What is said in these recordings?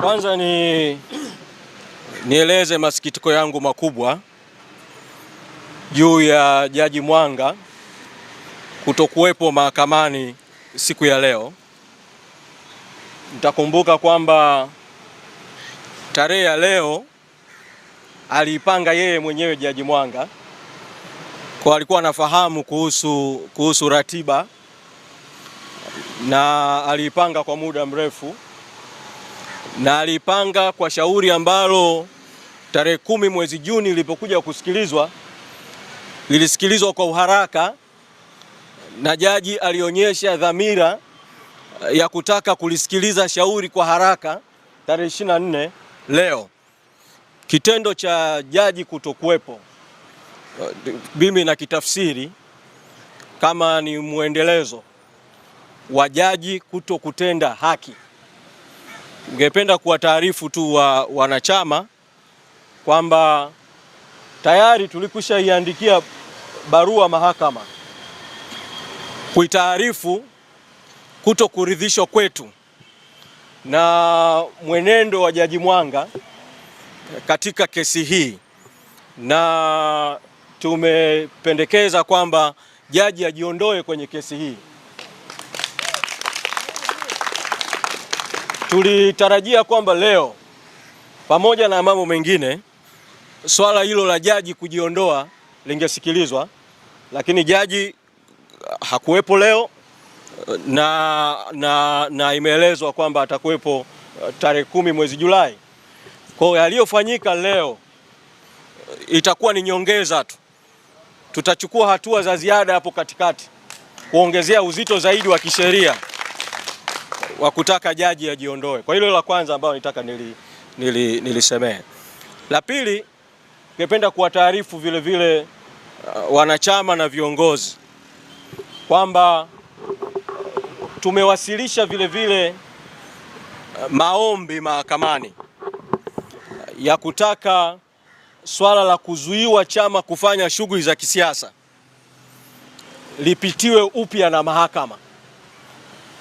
Kwanza ni nieleze masikitiko yangu makubwa juu ya Jaji Mwanga kutokuwepo mahakamani siku ya leo. Nitakumbuka kwamba tarehe ya leo aliipanga yeye mwenyewe Jaji Mwanga, kwa alikuwa anafahamu kuhusu, kuhusu ratiba na aliipanga kwa muda mrefu na alipanga kwa shauri ambalo tarehe kumi mwezi Juni lilipokuja kusikilizwa lilisikilizwa kwa uharaka na jaji alionyesha dhamira eh, ya kutaka kulisikiliza shauri kwa haraka tarehe 24 leo. Kitendo cha jaji kutokuwepo eh, mimi na kitafsiri kama ni mwendelezo wa jaji kuto kutenda haki. Ningependa kuwataarifu tu wa wanachama kwamba tayari iandikia barua mahakama kuitaarifu kuto kuridhishwa kwetu na mwenendo wa Jaji Mwanga katika kesi hii, na tumependekeza kwamba jaji ajiondoe kwenye kesi hii. Tulitarajia kwamba leo pamoja na mambo mengine swala hilo la jaji kujiondoa lingesikilizwa, lakini jaji uh, hakuwepo leo uh, na, na, na imeelezwa kwamba atakuwepo uh, tarehe kumi mwezi Julai. Kwa hiyo yaliyofanyika leo itakuwa ni nyongeza tu, tutachukua hatua za ziada hapo katikati kuongezea uzito zaidi wa kisheria wa kutaka jaji ajiondoe. Kwa hilo la kwanza ambayo nitaka nili, nili, nilisemee. La pili, ningependa kuwataarifu vile vile uh, wanachama na viongozi kwamba tumewasilisha vile vile uh, maombi mahakamani uh, ya kutaka swala la kuzuiwa chama kufanya shughuli za kisiasa lipitiwe upya na mahakama.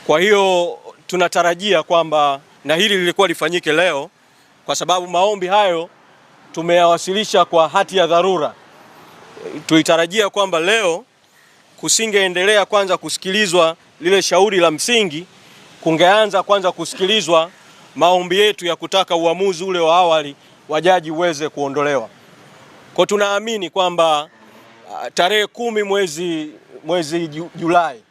Kwa hiyo tunatarajia kwamba na hili lilikuwa lifanyike leo, kwa sababu maombi hayo tumeyawasilisha kwa hati ya dharura. Tulitarajia kwamba leo kusingeendelea kwanza kusikilizwa lile shauri la msingi, kungeanza kwanza kusikilizwa maombi yetu ya kutaka uamuzi ule wa awali wa jaji uweze kuondolewa. Kwa tunaamini kwamba ah, tarehe kumi mwezi, mwezi Julai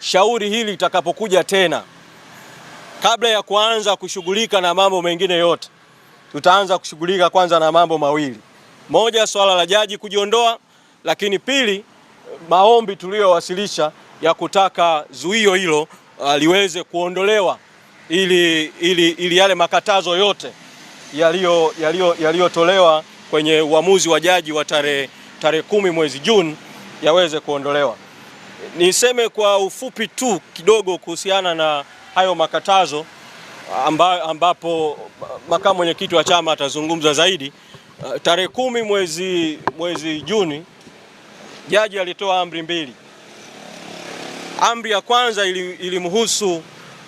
shauri hili litakapokuja tena, kabla ya kuanza kushughulika na mambo mengine yote, tutaanza kushughulika kwanza na mambo mawili: moja, swala la jaji kujiondoa, lakini pili, maombi tuliyowasilisha ya kutaka zuio hilo uh, liweze kuondolewa ili, ili, ili yale makatazo yote yaliyotolewa kwenye uamuzi wa jaji wa tarehe kumi mwezi Juni yaweze kuondolewa. Niseme kwa ufupi tu kidogo kuhusiana na hayo makatazo amba, ambapo makamu mwenyekiti wa chama atazungumza zaidi. Uh, tarehe kumi mwezi, mwezi Juni jaji alitoa amri mbili. Amri ya kwanza ilimhusu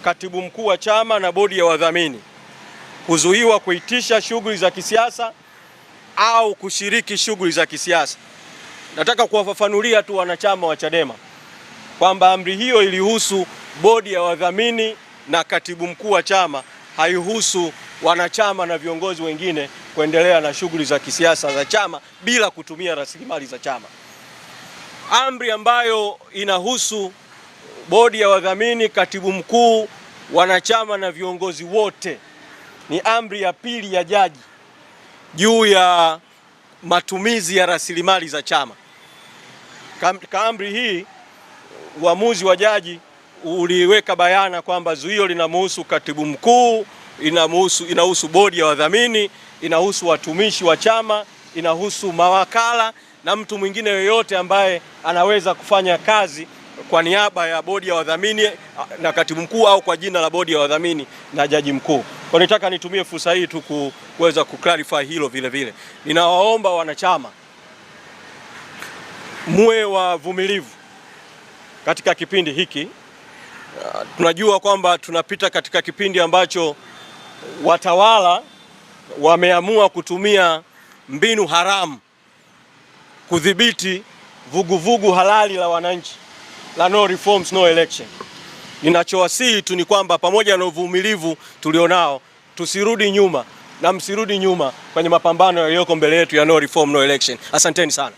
katibu mkuu wa chama na bodi ya wadhamini kuzuiwa kuitisha shughuli za kisiasa au kushiriki shughuli za kisiasa. Nataka kuwafafanulia tu wanachama wa Chadema kwamba amri hiyo ilihusu bodi ya wadhamini na katibu mkuu wa chama, haihusu wanachama na viongozi wengine kuendelea na shughuli za kisiasa za chama bila kutumia rasilimali za chama. Amri ambayo inahusu bodi ya wadhamini, katibu mkuu, wanachama na viongozi wote ni amri ya pili ya jaji juu ya matumizi ya rasilimali za chama. Kaamri hii uamuzi wa jaji uliweka bayana kwamba zuio linamhusu katibu mkuu, inahusu inahusu bodi ya wadhamini, inahusu watumishi wa chama, inahusu mawakala na mtu mwingine yoyote ambaye anaweza kufanya kazi kwa niaba ya bodi ya wadhamini na katibu mkuu au kwa jina la bodi ya wadhamini na jaji mkuu. Kwa nitaka nitumie fursa hii tu kuweza kuclarify hilo vile vile. Ninawaomba wanachama muwe wavumilivu katika kipindi hiki. Uh, tunajua kwamba tunapita katika kipindi ambacho watawala wameamua kutumia mbinu haramu kudhibiti vuguvugu halali la wananchi la no reforms no election. Ninachowasihi tu ni kwamba pamoja na uvumilivu tulionao, tusirudi nyuma na msirudi nyuma kwenye mapambano yaliyoko mbele yetu ya no reform no election. Asanteni sana.